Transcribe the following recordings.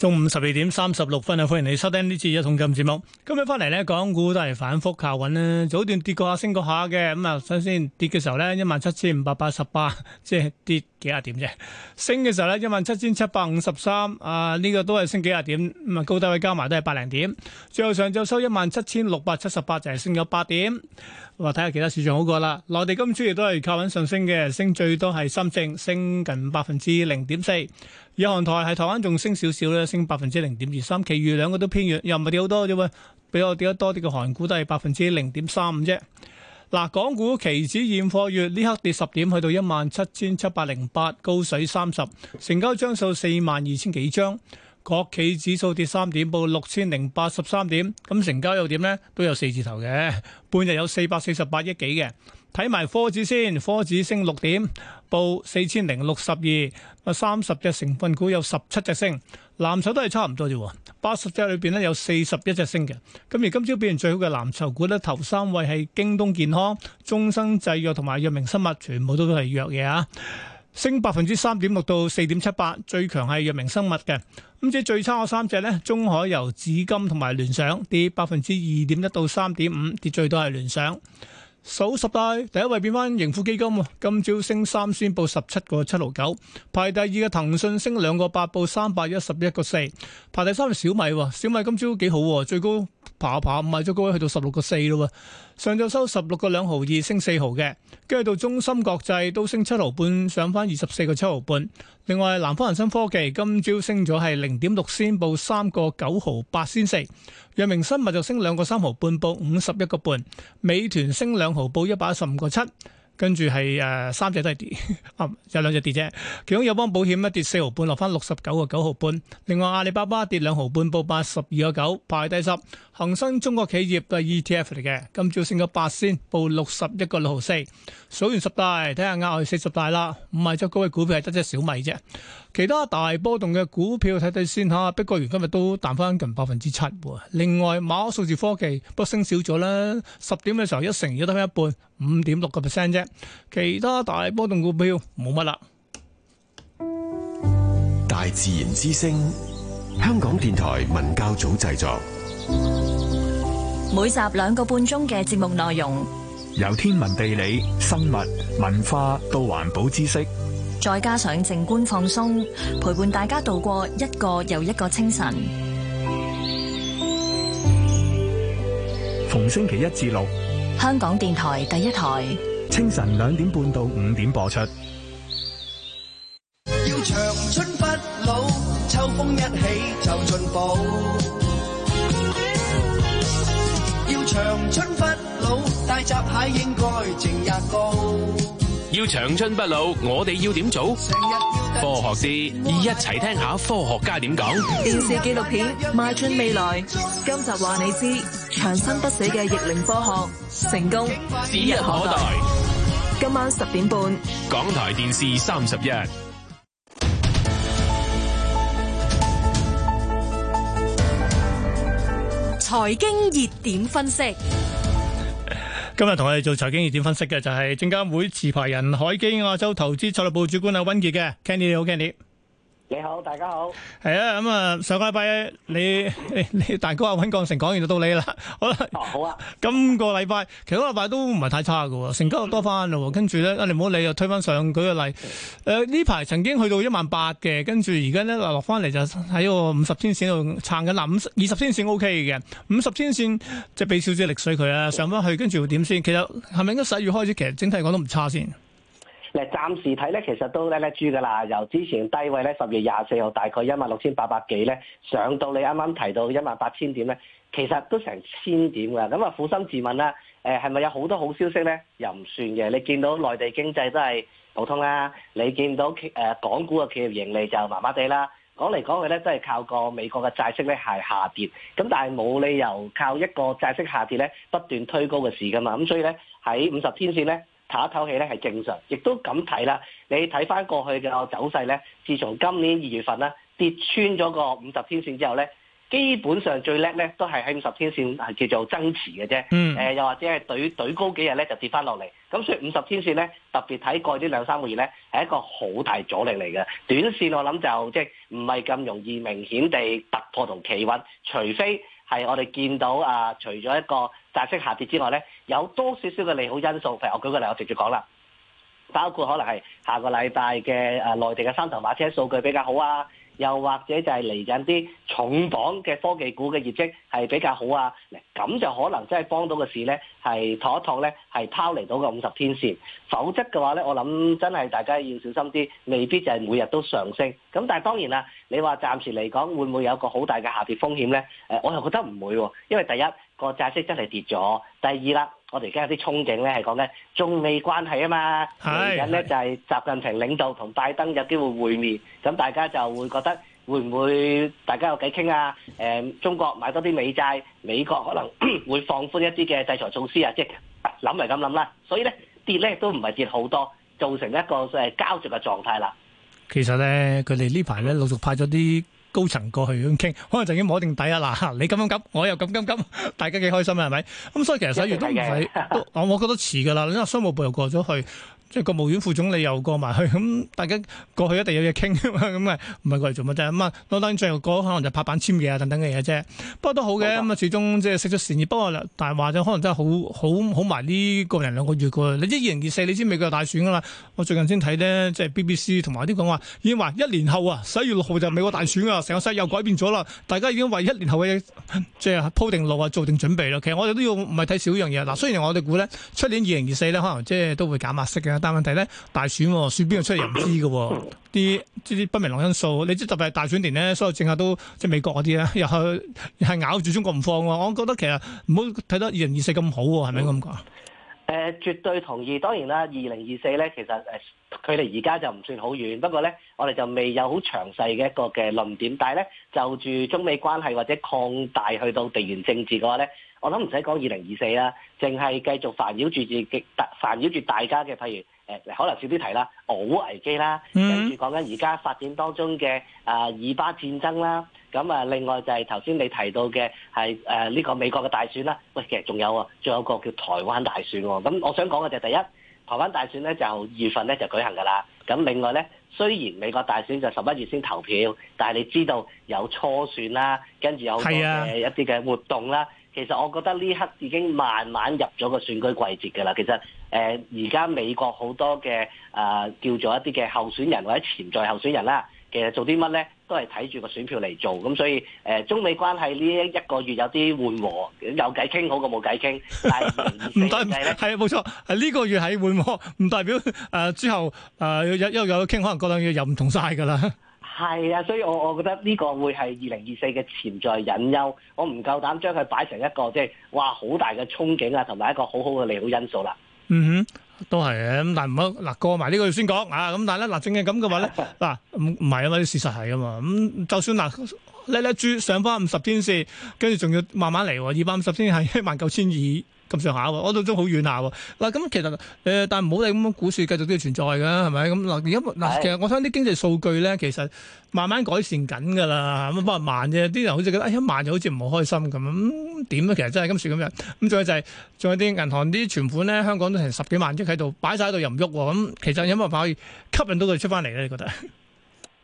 中午十二點三十六分啊，歡迎你收聽呢次一桶金節目。今日翻嚟呢，港股都係反覆靠穩咧。早段跌過下，升過下嘅。咁啊，首先跌嘅時候呢，一萬七千五百八十八，即係跌幾廿點啫。升嘅時候呢，一萬七千七百五十三。啊，呢、這個都係升幾廿點。咁啊，高低位加埋都係百零點。最後上晝收一萬七千六百七十八，就係升咗八點。話睇下其他市場好過啦，內地今朝亦都係靠穩上升嘅，升最多係深證，升近百分之零點四。以航台係台灣仲升少少咧，升百分之零點二三。其餘兩個都偏遠，又唔係跌好多啫嘛，比較跌得多啲嘅韓股都係百分之零點三五啫。嗱，港股期指現貨月呢刻跌十點，去到一萬七千七百零八，高水三十，成交張數四萬二千幾張。國企指數跌三點，報六千零八十三點，咁成交又點呢？都有四字頭嘅，半日有四百四十八億幾嘅。睇埋科指先，科指升六點，報四千零六十二，啊三十隻成分股有十七隻升，藍籌都係差唔多啫。八十隻裏邊呢，有四十一隻升嘅，咁而今朝表現最好嘅藍籌股呢，頭三位係京東健康、中生製藥同埋藥明生物，全部都係藥嘢啊！升百分之三點六到四點七八，最強係藥明生物嘅。咁即最差嗰三隻呢，中海油、紫金同埋聯想跌百分之二點一到三點五，跌最多係聯想。首十大第一位變翻盈富基金喎，今朝升三，先報十七個七六九。排第二嘅騰訊升兩個八，報三百一十一個四。排第三係小米，小米今朝都幾好，最高爬爬，買咗高位去到十六個四咯啦。上晝收十六個兩毫二，升四毫嘅。跟住到中芯國際都升七毫半，上翻二十四個七毫半。另外南方恆生科技今朝升咗係，零點六仙報三個九毫八仙四，藥明生物就升兩個三毫半報五十一個半，美團升兩毫報一百一十五個七。跟住係誒三隻都係跌，有兩隻跌啫。其中有友邦保險一跌四毫半，落翻六十九個九毫半。另外阿里巴巴跌兩毫半，報八十二個九，排第十。恒生中國企業嘅 ETF 嚟嘅，今朝升咗八仙，報六十一個六毫四。數完十大，睇下額外四十大啦。唔係即高位股票係得隻小米啫。其他大波動嘅股票睇睇先嚇。碧桂園今日都彈翻近百分之七喎。另外馬可數字科技不過升少咗啦，十點嘅時候一成，而家得翻一半。五點六個 percent 啫，其他大波動股票冇乜啦。大自然之聲，香港電台文教組製作，每集兩個半鐘嘅節目內容，由天文地理、生物、文化到環保知識，再加上靜觀放鬆，陪伴大家度過一個又一個清晨。逢星期一至六。香港電台第一台，清晨兩點半到五點播出。要長春不老，秋風一起就進補；要長春不老，大閘蟹應該正日高。要長春不老，我哋要點做要？科學啲，一齊聽下科學家點講。電視紀錄片《邁進未來》，今集話你知。長生不死嘅逆齡科學成功指日可待。今晚十點半，港台電視三十一》財經熱點分析。今日同我哋做財經熱點分析嘅就係證監會持牌人海基亞洲投資策略部主管阿温杰嘅 Kenny 你好 Kenny。Kenny 你好，大家好。係啊，咁啊，上個禮拜你你，你，你大哥阿溫降成講完就到你啦。好啦，哦，好啊。今個禮拜，其實個禮拜都唔係太差噶，成交又多翻咯。跟住咧，啊你唔好理，又推翻上舉個例。誒呢排曾經去到一萬八嘅，跟住而家咧落翻嚟就喺個五十天線度撐緊。嗱，五十二十天線 O K 嘅，五十天線即係俾少少力水佢啊，上翻去跟住又點先？其實係咪應該十一月開始，其實整體講都唔差先。嗱，暫時睇咧，其實都叻叻豬㗎啦，由之前低位咧，十月廿四號大概一萬六千八百幾咧，上到你啱啱提到一萬八千點咧，其實都成千點㗎啦。咁啊，撫心自問啦，係咪有好多好消息咧？又唔算嘅。你見到內地經濟都係普通啦，你見到港股嘅企業盈利就麻麻地啦。講嚟講去咧，都係靠個美國嘅債息咧係下跌。咁但係冇理由靠一個債息下跌咧不斷推高個市㗎嘛。咁所以咧喺五十天線咧。唞一唞氣咧係正常，亦都咁睇啦。你睇翻過去嘅走勢咧，自從今年二月份咧跌穿咗個五十天線之後咧，基本上最叻咧都係喺五十天線係叫做增持嘅啫。又、嗯、或者係懟懟高幾日咧就跌翻落嚟。咁所以五十天線咧特別睇過呢啲兩三個月咧係一個好大阻力嚟嘅。短線我諗就即係唔係咁容易明顯地突破同企穩，除非。係我哋見到啊，除咗一個債息下跌之外咧，有多少少嘅利好因素。譬如我舉個例，我直接講啦，包括可能係下個禮拜嘅誒、啊、內地嘅三頭馬車數據比較好啊。又或者就係嚟緊啲重磅嘅科技股嘅業績係比較好啊，咁就可能真係幫到個市呢，係妥妥呢，係拋離到個五十天線。否則嘅話呢，我諗真係大家要小心啲，未必就係每日都上升。咁但係當然啦，你話暫時嚟講會唔會有個好大嘅下跌風險呢？誒，我又覺得唔會喎，因為第一個債息真係跌咗，第二啦。我哋而家有啲憧憬咧，係講緊中美關係啊嘛，嚟緊咧就係習近平領導同拜登有機會會面，咁大家就會覺得會唔會大家有偈傾啊？中國多買多啲美債，美國可能會放寬一啲嘅制裁措施啊！即係諗嚟咁諗啦，所以咧跌咧都唔係跌好多，造成一個誒膠着嘅狀態啦。其實咧，佢哋呢排咧陸續派咗啲。高層過去咁傾，可能就已經摸定底啊！嗱，你咁緊急，我又咁咁急，大家幾開心啊？係咪？咁所以其實十一月都唔使，我 我覺得遲噶啦，因為商務部又過咗去。即係國務院副總理又過埋去，咁大家過去一定有嘢傾噶嘛，咁啊唔係過嚟做乜啫？咁啊，當然最後嗰可能就拍板簽嘢啊等等嘅嘢啫。不過都好嘅，咁啊，始終即係食咗善意。不過啦，但係話就可能真係好好好埋呢個零兩個月嘅。你知二零二四你知美國，就是、美國大選噶啦，我最近先睇呢，即係 BBC 同埋啲講話已經話一年後啊，十一月六號就美國大選啊，成個世又改變咗啦。大家已經為一年後嘅即係鋪定路啊，做定準備啦。其實我哋都要唔係睇少一樣嘢嗱，雖然我哋估咧，出年二零二四咧可能即係都會減壓息嘅。但問題咧，大選、哦、選邊個出嚟唔知嘅、哦，啲啲 不明朗因素。你知特別係大選年咧，所有政客都即係美國嗰啲咧，又係係咬住中國唔放、哦。我覺得其實唔好睇得二零二四咁好喎、哦，係咪咁講？誒、呃，絕對同意。當然啦，二零二四咧，其實誒、呃、距離而家就唔算好遠。不過咧，我哋就未有好詳細嘅一個嘅論點。但係咧，就住中美關係或者擴大去到地緣政治嘅話咧。我諗唔使講二零二四啦，淨係繼續煩擾住住特煩擾住大家嘅，譬如、呃、可能少啲提啦，俄烏危機啦，跟住講緊而家發展當中嘅啊，以、呃、巴戰爭啦，咁啊，另外就係頭先你提到嘅係誒呢個美國嘅大選啦。喂，其實仲有喎，仲有個叫台灣大選喎、喔。咁我想講嘅就係第一，台灣大選咧就二月份咧就舉行㗎啦。咁另外咧，雖然美國大選就十一月先投票，但係你知道有初選啦，跟住有嘅一啲嘅、啊呃、活動啦。其實我覺得呢刻已經慢慢入咗個選舉季節㗎啦。其實誒而家美國好多嘅啊、呃、叫做一啲嘅候選人或者潛在候選人啦，其實做啲乜咧都係睇住個選票嚟做。咁、嗯、所以誒、呃、中美關係呢一個月有啲緩和，有偈傾好過冇偈傾。唔 代唔係啊，冇、係、錯呢、呢個月係緩和，唔代表誒、呃、之後誒又、呃、有又傾，可能兩兩月又唔同晒㗎啦。係啊，所以我我覺得呢個會係二零二四嘅潛在隱憂，我唔夠膽將佢擺成一個即係哇好大嘅憧憬啊，同埋一個好好嘅利好因素啦。嗯哼，都係啊，咁但唔好嗱過埋呢個先講啊。咁但係咧嗱，正係咁嘅話咧，嗱唔唔係啊嘛，啲事實係啊嘛。咁就算嗱叻叻豬上翻五十天線，跟住仲要慢慢嚟，二百五十天線係一萬九千二。 咁上下我到都好遠下喎。嗱，咁其實誒，但係唔好理咁樣，股市繼續都要存在㗎，係咪？咁嗱，而家嗱，其實我想啲經濟數據咧，其實慢慢改善緊㗎啦，咁不過慢啫。啲人好似覺得一慢就好似唔好開心咁。點咧？其實真係咁上咁樣。咁仲有就係、是、仲有啲銀行啲存款咧，香港都成十幾萬億喺度擺晒喺度，又唔喐喎。咁其實有乜辦法可以吸引到佢出翻嚟咧，你覺得？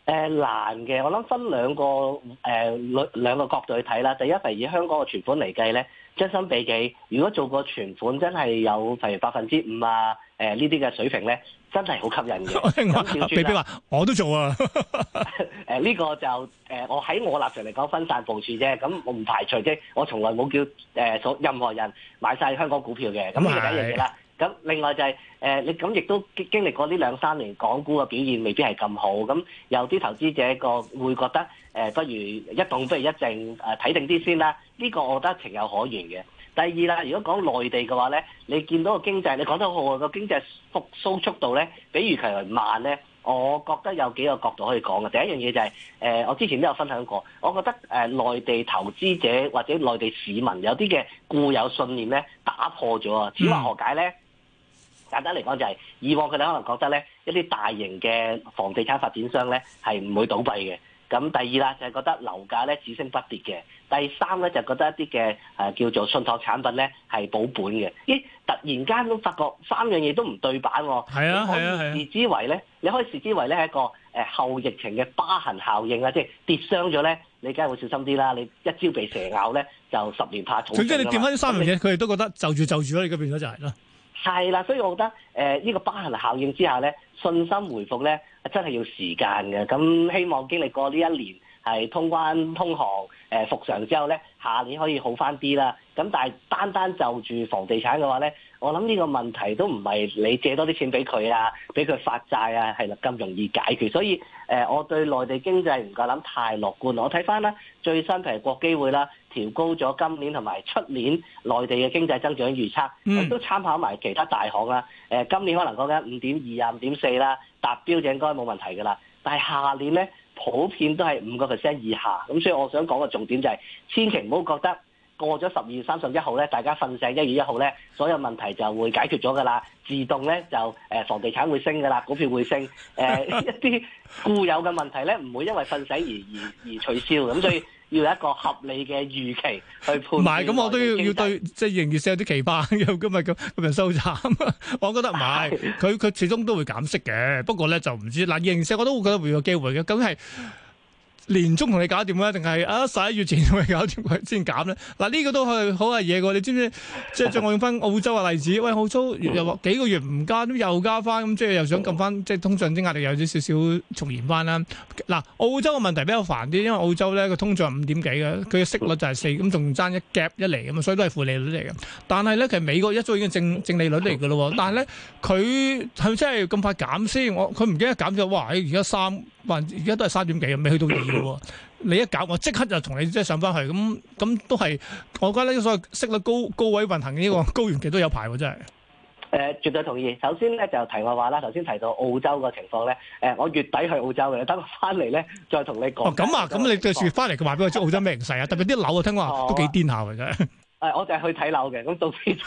誒難嘅，我諗分兩個誒兩、呃、兩個角度去睇啦。第一係以香港嘅存款嚟計咧，將心比己，如果做個存款真係有譬如百分之五啊，誒呢啲嘅水平咧、呃，真係好吸引嘅。小朱話：秘秘我都做啊！誒 呢、呃這個就誒、呃、我喺我立場嚟講分散部署啫，咁我唔排除啫。我從來冇叫誒、呃、所任何人買晒香港股票嘅，咁係第一樣嘢啦。咁另外就係、是、誒你咁亦都經歷過呢兩三年港股嘅表現未必係咁好，咁有啲投資者個會覺得誒、呃、不如一動不如一靜誒睇定啲先啦。呢、這個我覺得情有可原嘅。第二啦，如果講內地嘅話咧，你見到個經濟你講得好，個經濟復蘇速度咧比預期嚟慢咧，我覺得有幾個角度可以講嘅。第一樣嘢就係、是、誒、呃、我之前都有分享過，我覺得誒、呃、內地投資者或者內地市民有啲嘅固有信念咧打破咗啊，之話何解咧？簡單嚟講就係、是、以往佢哋可能覺得咧一啲大型嘅房地產發展商咧係唔會倒閉嘅。咁第二啦就係、是、覺得樓價咧只升不跌嘅。第三咧就覺得一啲嘅、啊、叫做信託產品咧係保本嘅。咦！突然間都發覺三樣嘢都唔對版喎、哦。係啊係啊係。啊。視之為咧，你可以視之為咧係一個誒後疫情嘅疤痕效應啊。即係跌傷咗咧，你梗係會小心啲啦。你一朝被蛇咬咧，就十年怕草。即係你掂翻呢三樣嘢，佢哋都覺得就住就住就係啦，所以我覺得誒呢、呃這個疤痕效應之下咧，信心回復咧，真係要時間嘅。咁希望經歷過呢一年係通關通航誒、呃、復常之後咧，下年可以好翻啲啦。咁但係單單就住房地產嘅話咧，我諗呢個問題都唔係你借多啲錢俾佢啊，俾佢發債啊，係啦咁容易解決。所以誒、呃，我對內地經濟唔夠諗太樂觀。我睇翻啦，最新係國機會啦。調高咗今年同埋出年內地嘅經濟增長預測，都參考埋其他大行啦。誒，今年可能講緊五點二啊，五點四啦，達標就應該冇問題㗎啦。但係下年咧，普遍都係五個 percent 以下咁，所以我想講嘅重點就係、是、千祈唔好覺得。過咗十二月三十一號咧，大家瞓醒一月一號咧，所有問題就會解決咗噶啦，自動咧就誒，房地產會升噶啦，股票會升，誒一啲固有嘅問題咧唔會因為瞓醒而而而取消咁，所以要有一個合理嘅預期去判。唔係，咁我都要要對即係盈餘市有啲期盼嘅，咁啊咁咁又收窄，我覺得唔係，佢佢始終都會減息嘅，不過咧就唔知嗱盈餘市我都會覺得會有機會嘅，咁係。年中同你搞掂咧，定係啊十一月前同你搞掂佢先減咧？嗱、啊、呢、呢個都係好係嘢嘅，你知唔知？即係再我用翻澳洲嘅例子，喂澳洲又話幾個月唔加，咁又加翻，咁即係又想撳翻，即係通脹啲壓力又有少少重現翻啦。嗱、啊、澳洲嘅問題比較煩啲，因為澳洲咧個通脹五點幾嘅，佢嘅息率就係四、嗯，咁仲爭一 gap 一嚟咁嘛，所以都係負利率嚟嘅。但係咧，其實美國一早已經正正利率嚟嘅咯，但係咧佢係咪真係咁快減先？我佢唔記得減咗，哇！而家三。而家都係三點幾，未去到二嘅喎。你一搞我即刻就同你即係上翻去，咁咁都係我覺得呢，所謂識率高高位運行呢個高原期都有排喎，真係。誒、呃，絕對同意。首先咧就提我話啦，頭先提到澳洲個情況咧，誒、呃，我月底去澳洲嘅，等我翻嚟咧再同你講。咁、哦、啊，咁你對住翻嚟嘅話，俾我知澳洲咩形勢啊？ 特別啲樓、哦、啊，聽話都幾顛下嘅真誒、哎，我就係去睇樓嘅，咁到時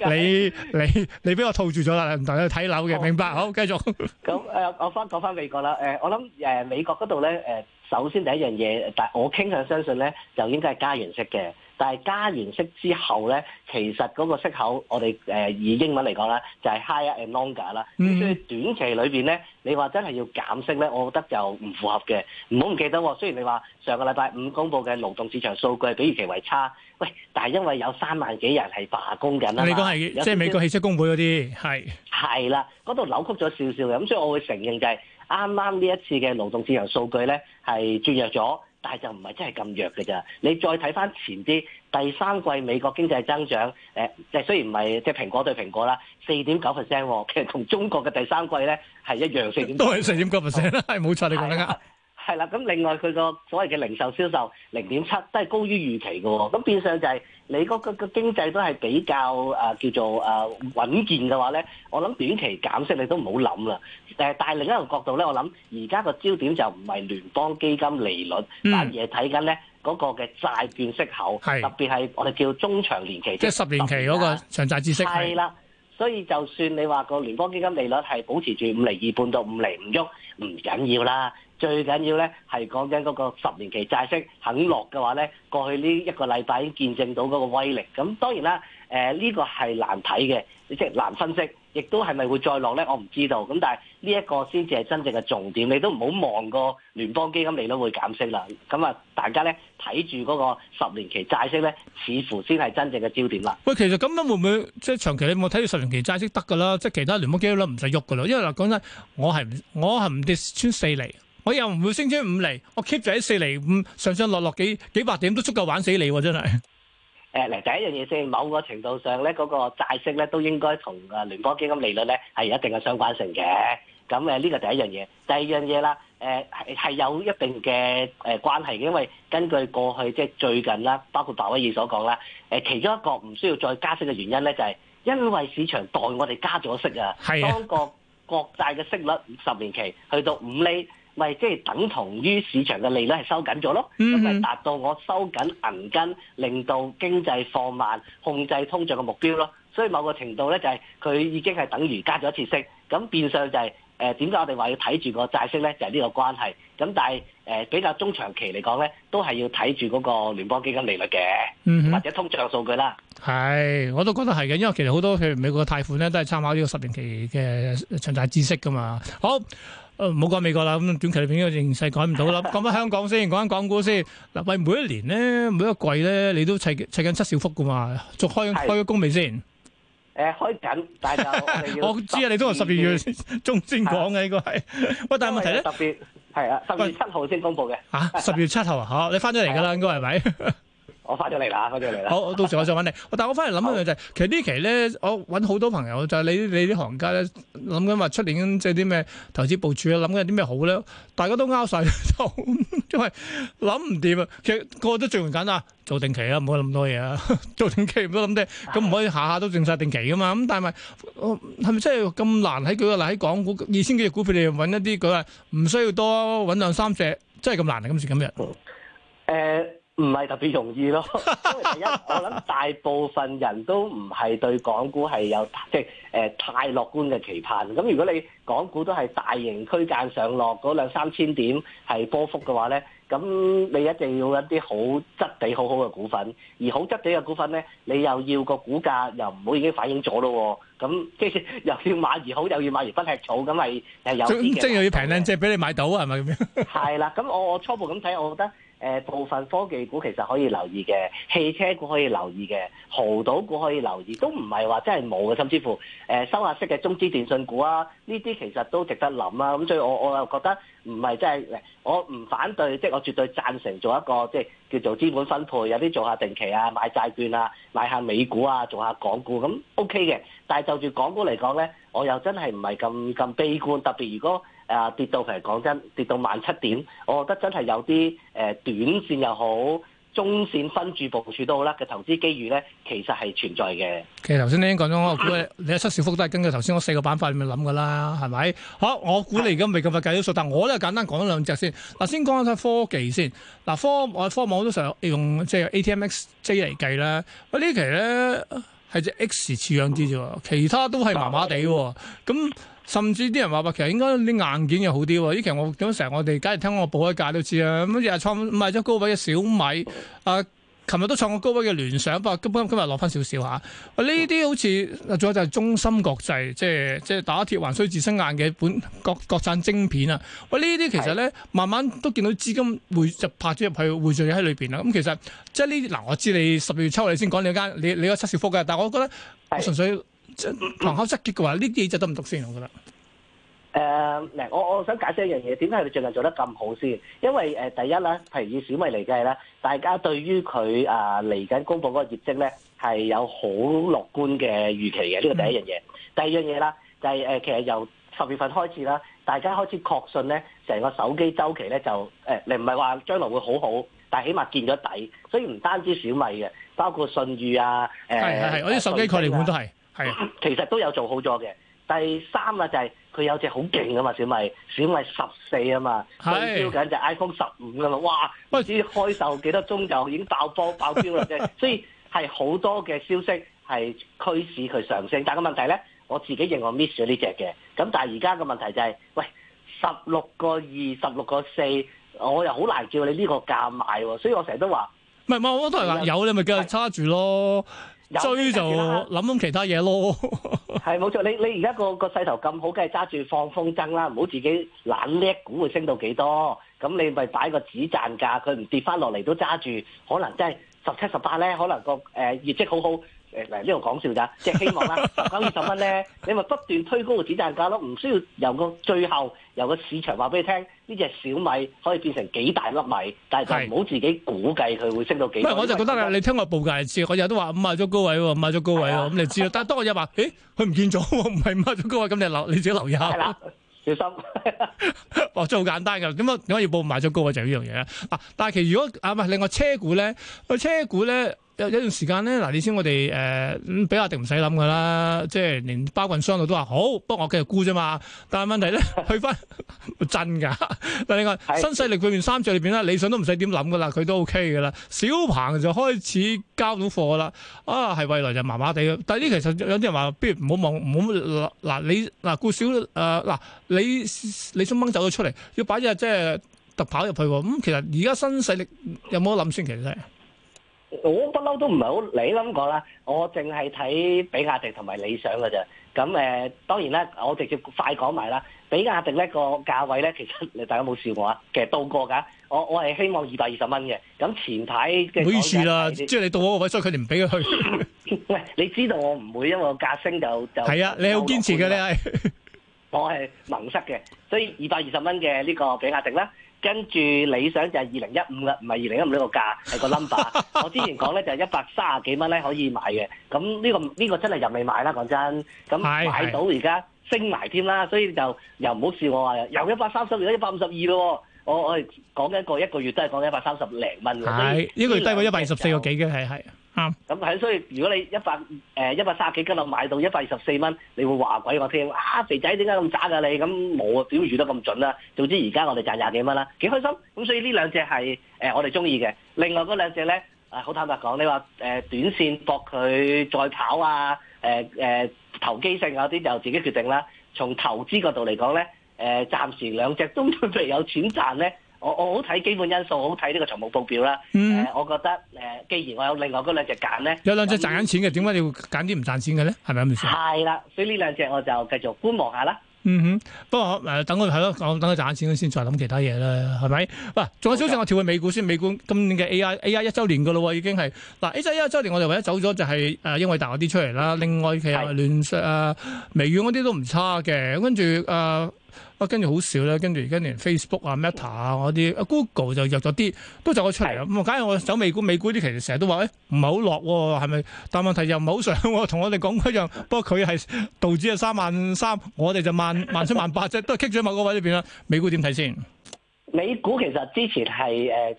再俾你。你你俾我套住咗啦，唔同你睇樓嘅，明白？好，繼續。咁 誒、嗯嗯，我翻講翻美國啦。誒、嗯，我諗誒、嗯，美國嗰度咧，誒，首先第一樣嘢，但係我傾向相信咧，就應該係家園式嘅。但係加完息之後咧，其實嗰個息口，我哋誒以英文嚟講咧，就係 higher and longer 啦、嗯。咁所以短期裏邊咧，你話真係要減息咧，我覺得就唔符合嘅。唔好唔記得，雖然你話上個禮拜五公佈嘅勞動市場數據比預期為差，喂，但係因為有三萬幾人係罷工緊啦。你講係即係美國汽車工會嗰啲，係係啦，嗰度扭曲咗少少嘅。咁所以，我會承認就係啱啱呢一次嘅勞動市場數據咧，係鑽入咗。但係就唔係真係咁弱嘅咋，你再睇翻前啲第三季美國經濟增長，誒、呃，即係雖然唔係即係蘋果對蘋果啦，四點九 percent，其實同中國嘅第三季咧係一樣四點，都係四點九 percent 啦，係冇錯你講得啱。啊啊啊係啦，咁另外佢個所謂嘅零售銷售零點七都係高於預期嘅，咁變相就係你嗰個個經濟都係比較啊、呃、叫做啊穩、呃、健嘅話咧，我諗短期減息你都唔好諗啦。誒、呃，但係另一個角度咧，我諗而家個焦點就唔係聯邦基金利率，嗯、但係嘢睇緊咧嗰個嘅債券息口，是特別係我哋叫中長年期，即係十年期嗰個長債息。係啦，所以就算你話個聯邦基金利率係保持住五厘二半到五厘唔喐，唔緊要啦。最緊要咧係講緊嗰個十年期債息肯落嘅話咧，過去呢一個禮拜已經見證到嗰個威力。咁當然啦，誒呢個係難睇嘅，即係難分析，亦都係咪會再落咧？我唔知道。咁但係呢一個先至係真正嘅重點。你都唔好望過聯邦基金你都會減息啦。咁啊，大家咧睇住嗰個十年期債息咧，似乎先係真正嘅焦點啦。喂，其實咁樣會唔會即係長期你冇睇到十年期債息得㗎啦？即係其他聯邦基金啦，唔使喐㗎啦。因為嗱講真，我係我係唔跌穿四厘。我又唔會升穿五厘，我 keep 住喺四厘五，上上落落幾幾百點都足夠玩死你喎，啊！真係。誒，嚟第一樣嘢先，某個程度上咧，嗰、那個債息咧都應該同誒聯邦基金利率咧係一定嘅相關性嘅。咁誒呢個第一樣嘢，第二樣嘢啦，誒係係有一定嘅誒、呃、關係嘅，因為根據過去即係最近啦，包括鮑威爾所講啦，誒、呃、其中一個唔需要再加息嘅原因咧，就係因為市場代我哋加咗息啊，當個國債嘅息率十年期去到五厘。咪，即係等同於市場嘅利率係收緊咗咯，咁、嗯、咪達到我收緊銀根，令到經濟放慢、控制通脹嘅目標咯。所以某個程度咧，就係佢已經係等於加咗一次息，咁變相就係誒點解我哋話要睇住個債息咧，就係、是、呢個關係。咁但係誒、呃、比較中長期嚟講咧，都係要睇住嗰個聯邦基金利率嘅、嗯，或者通脹嘅數據啦。係，我都覺得係嘅，因為其實好多譬如美國嘅貸款咧，都係參考呢個十年期嘅長債孳息噶嘛。好。唔好講美國啦，咁短期裏邊個形勢改唔到啦。講翻香港先，講翻港股先。嗱，喂，每一年咧，每一個季咧，你都砌砌緊七小福噶嘛？仲開開咗工未先？誒，開緊、呃，但係我， 我知、這個、 啊，啊，你都係十二月中先講嘅應該係。喂，但係問題咧，特別係啊，十月七號先公布嘅。吓，十月七號啊？嗬，你翻咗嚟噶啦，應該係咪？我翻咗嚟啦，翻咗嚟啦。好，到時我再揾你。 但係我翻嚟諗一樣就係， 其實呢期咧，我搵好多朋友，就係、是、你你啲行家咧諗緊話出年即係啲咩投資部署啊，諗緊啲咩好咧，大家都拗晒咗頭，因為諗唔掂啊。其實個個都最唔簡單啊做定期啊，唔好諗咁多嘢啊，做定期唔好諗啲咁，唔 可以下下都淨晒定期噶嘛。咁但係咪係咪真係咁難喺佢嗱？喺港股二千幾隻股票你搵一啲，佢話唔需要多揾兩三隻，真係咁難啊？今時今日，誒、嗯。呃唔係特別容易咯，因為第一我諗大部分人都唔係對港股係有即係誒太樂觀嘅期盼。咁如果你港股都係大型區間上落嗰兩三千點係波幅嘅話咧，咁你一定要一啲好質地好好嘅股份，而好質地嘅股份咧，你又要個股價又唔好已經反映咗咯。咁即係又要買而好，又要買而不吃草，咁係有咁即係又要平靚即係俾你買到係咪咁樣？係啦，咁 我我初步咁睇，我覺得。部分科技股其實可以留意嘅，汽車股可以留意嘅，豪賭股可以留意，都唔係話真係冇嘅，甚至乎收下息嘅中資電信股啊，呢啲其實都值得諗啊。咁所以我我又覺得唔係真係，我唔反對，即係我絕對贊成做一個即係叫做資本分配，有啲做下定期啊，買債券啊，買下美股啊，做下港股咁 OK 嘅。但係就住港股嚟講呢，我又真係唔係咁咁悲觀，特別如果。啊，跌到其實講真，跌到萬七點，我覺得真係有啲誒、呃、短線又好，中線分注部署都好啦嘅投資機遇咧，其實係存在嘅。其實頭先你已經講咗，我估你七小福都係根據頭先嗰四個板塊裏面諗噶啦，係咪？好，我估你而家未夠快計啲數，但我都係簡單講咗兩隻先。嗱，先講一下科技先。嗱，科我係科網我都成日用即係 ATMXJ 嚟計啦。我呢期咧係只 X 似樣啲啫、嗯、其他都係麻麻地喎。咁、嗯。哦。甚至啲人話：話其實應該啲硬件又好啲喎。其實我成日我哋？假如聽我報一價都知啊，咁又創賣咗高位嘅小米，啊，琴日都創過高位嘅聯想，不過今日今日落翻少少下。喂、啊，呢啲好似仲有就係中芯國際，即係即係打鐵還需自身硬嘅本國國產晶片啊。喂，呢啲其實咧，慢慢都見到資金匯就拍咗入去匯聚喺裏面啦。咁、啊、其實即係呢啲嗱，我知你十二月初你先講你間你你個七兆福嘅，但我覺得我純粹。堂口失血嘅話，呢啲就得唔讀先，我覺得。誒，嗱，我我想解釋一樣嘢，點解佢最近做得咁好先？因為誒、呃，第一啦，譬如以小米嚟計咧，大家對於佢啊嚟緊公布嗰個業績咧，係有好樂觀嘅預期嘅，呢個第一樣嘢。第二樣嘢啦，就係、是、誒、呃，其實由十月份開始啦，大家開始確信咧，成個手機周期咧就誒，唔係話將來會好好，但係起碼見咗底。所以唔單止小米嘅，包括信譽啊，誒、呃，我啲手機概念股都係。係，其實都有做好咗嘅。第三啊，就係佢有隻好勁噶嘛，小米，小米十四啊嘛，目標緊就 iPhone 十五啊，哇！不知道開售幾多鐘就已經爆波爆標啦啫。 所以係好多嘅消息係驅使佢上升，但係個問題咧，我自己認我 miss 咗呢隻嘅。咁但係而家個問題就係，喂，十六個二，十六個四，我又好難叫你呢個價買喎。所以我成日都話，唔係，我都係話有你咪繼續揸住咯。追就諗諗其他嘢咯 ，係冇錯。你你而家個個勢頭咁好，梗係揸住放風箏啦，唔好自己懶叻，股會升到幾多。咁你咪擺個止賺價，佢唔跌翻落嚟都揸住。可能真係十七十八咧，可能個誒業績好好。呢度講笑咋，即、就、係、是、希望啦，十九二十蚊咧，你咪不，不斷推高個指彈價咯，唔需要由個最後由個市場話俾你聽，呢隻小米可以變成幾大粒米，但係就唔好自己估計佢會升到幾多。多。我就覺得你聽我報價次，我日日都話買咗高位喎，買咗高位喎，咁你知啦。但係當我又話，咦，佢唔見咗喎，唔係買咗高位，咁、啊你，欸、你留你自己留意下、啊，小心。 哦，真係好簡單㗎，點解點解要報買咗高位就呢樣嘢咧？啊，但係其實如果啊唔係，另外車股咧，個車股咧。有一段時間咧，嗱，你知我哋誒，比亞迪唔使諗噶啦，即係連包運商度都話好，不過我繼續估啫嘛。但係問題咧，去翻 真噶。但另外，新勢力佢面三隻裏邊咧，理想都唔使點諗噶啦，佢都 O K 噶啦。小鵬就開始交到貨啦，啊，係未來就麻麻地。但係啲其實有啲人話，不如唔好望，唔好嗱，你嗱顧小誒，嗱、呃、你，你想掹走咗出嚟，要擺隻即係特跑入去。咁其實而家新勢力有冇得諗先？其實。其實有我不嬲都唔係好理，諗過啦，我淨係睇比亞迪同埋理想嘅啫。咁誒、呃、當然啦，我直接快講埋啦。比亞迪呢個價位咧，其實你大家冇笑我啊，其實到過㗎。我我係希望二百二十蚊嘅。咁前排唔好意思啦，即係你到嗰個位，所以佢哋唔俾佢去。喂， 你知道我唔會因為價升就就係、是、啊！你好堅持嘅你係， 我係萌塞嘅，所以二百二十蚊嘅呢個比亞迪啦。跟住理想就係二零一五啦，唔係二零一五呢個價係個 number。 我之前講咧就係一百三十幾蚊咧可以買嘅，咁呢、呢個呢、呢個真係任你買啦講真。咁買到而家升埋添啦，所以就又唔好笑我話又一百三十而家一百五十二咯。我我係講緊一個一個月都係講一百三十零蚊，呢 一個月低過一百二十四個幾嘅係係。 咁、嗯嗯嗯嗯嗯、所以，如果你一百誒一百三十幾斤就買到一百二十四蚊，你會話鬼我聽，啊肥仔點解咁渣㗎你？咁冇點會預得咁準啊？總之而家我哋賺廿幾蚊啦，幾開心！咁所以呢兩隻係、呃、我哋中意嘅。另外嗰兩隻咧，好、啊、坦白講，你話、呃、短線搏佢再跑啊，呃、投機性嗰啲就自己決定啦。從投資角度嚟講咧，誒、呃、暫時兩隻都未有錢賺咧。我我好睇基本因素，好睇呢個財務報表啦。嗯、呃、我覺得誒，既然我有另外嗰兩隻揀咧，有兩隻賺緊錢嘅，點解你要揀啲唔賺錢嘅咧？係咪咁意思？係啦，所以呢係係所以呢兩隻我就繼續觀望下啦。嗯哼，不過我、呃、等佢係咯，我等佢賺緊錢先，再諗其他嘢啦，係咪？喂，仲有少少，我跳去美股先。美股今年嘅 A I A I 一周年噶啦喎，已經係嗱 A I 一周年我一、就係，我哋唯一走咗就係誒，英偉達嗰啲出嚟啦。另外其實聯誒微軟嗰啲都唔差嘅，跟住誒。呃啊，跟住好少啦。跟住而家連 Facebook 啊、Meta 啊嗰啲，Google 就入咗啲，都走咗出嚟啦。咁啊，假如我走美股，美股啲其實成日都話，誒、哎，唔係好落喎，係咪？但問題又唔係好上。同我哋講一樣，不過佢係道指係三萬三，我哋就 1, 萬萬七萬八啫，都係棘咗某個位裏邊啦。美股點睇先？美股其實之前係誒、呃、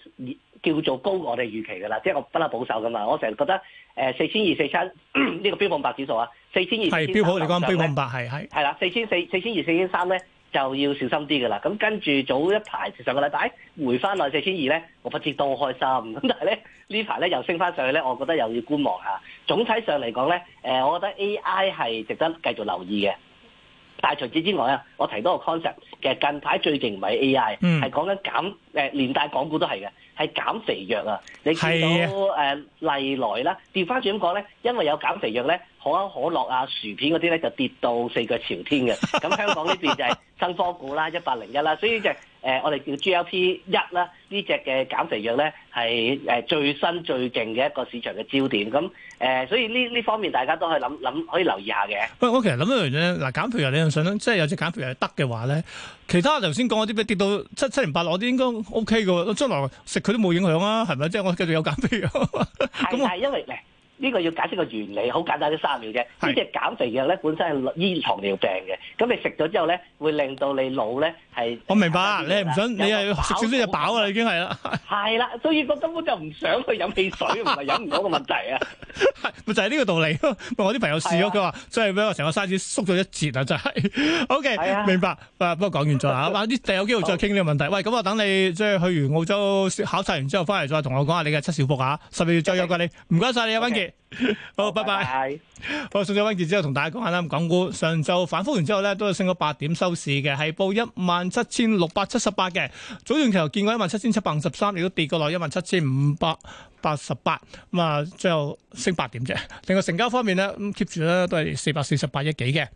叫做高我哋預期噶啦，即係我分得保守噶嘛。我成日覺得誒四千二四千呢個標普五百指數啊，四千二係標普，你講標普五百係係係啦，四千四四千二四千三咧。424, 就要小心啲㗎喇，咁跟住早一排上個禮拜回翻來四千二咧，我不知多開心咁，但係咧呢排咧又升翻上去咧，我覺得又要觀望下。總體上嚟講咧，我覺得 AI 係值得繼續留意嘅。但係除此之外啊，我提多個 concept。其實近排最勁唔係 A.I.，係講緊減誒、呃、連帶港股都係嘅，係減肥藥啊！你睇到誒麗、呃、來啦跌翻轉咁講咧，因為有減肥藥咧，可口可樂啊、薯片嗰啲咧就跌到四腳朝天嘅。咁香港呢邊就係新科股啦，一百零一啦，所以即係、呃、我哋叫 G.L.P. 一啦呢隻嘅減肥藥咧係最新最勁嘅一個市場嘅焦點。咁誒、呃，所以呢呢方面大家都係諗諗可以留意下嘅。不過我其實諗一樣嘢，嗱、呃、減肥藥你又想即係有隻減肥藥係得嘅話咧。其他頭先講嗰啲咩跌到七七零八落，啲應該 O K 噶喎，將來食佢都冇影響啊，係咪？即係我繼續有減肥。咁就係因為咧。 呢、這個要解釋個原理，好簡單啲三秒啫。呢隻減肥藥咧，本身係醫糖尿病嘅，咁你食咗之後咧，會令到你腦咧係我明白，你係唔想，飽你係食少少就飽啦，已經係啦。係啦，所以我根本就唔想去飲汽水，唔係飲唔到嘅問題啊。咪 就係呢個道理。咪我啲朋友試咗，佢話即係畀我成個 size 縮咗一截啊！真係。O、okay, K，、啊、明白。不過講完咗啦，啱啲第有機會再傾呢、這個問題。喂，咁我等你即係去完澳洲考察完之後，翻嚟再同我講下你嘅七小福嚇。十二月再約過 你，唔該晒你啊，溫傑。好，拜拜。好，送咗溫傑之後，同大家講下啦。港股上晝反覆完之後咧，都係升咗八點收市嘅，係報一萬七千六百七十八嘅。早段期候見過一萬七千七百五十三，亦都跌過落一萬七千五百八十八。咁啊，最後升八點啫。另外，成交方面咧，咁 keep 住咧都係四百四十八億幾嘅。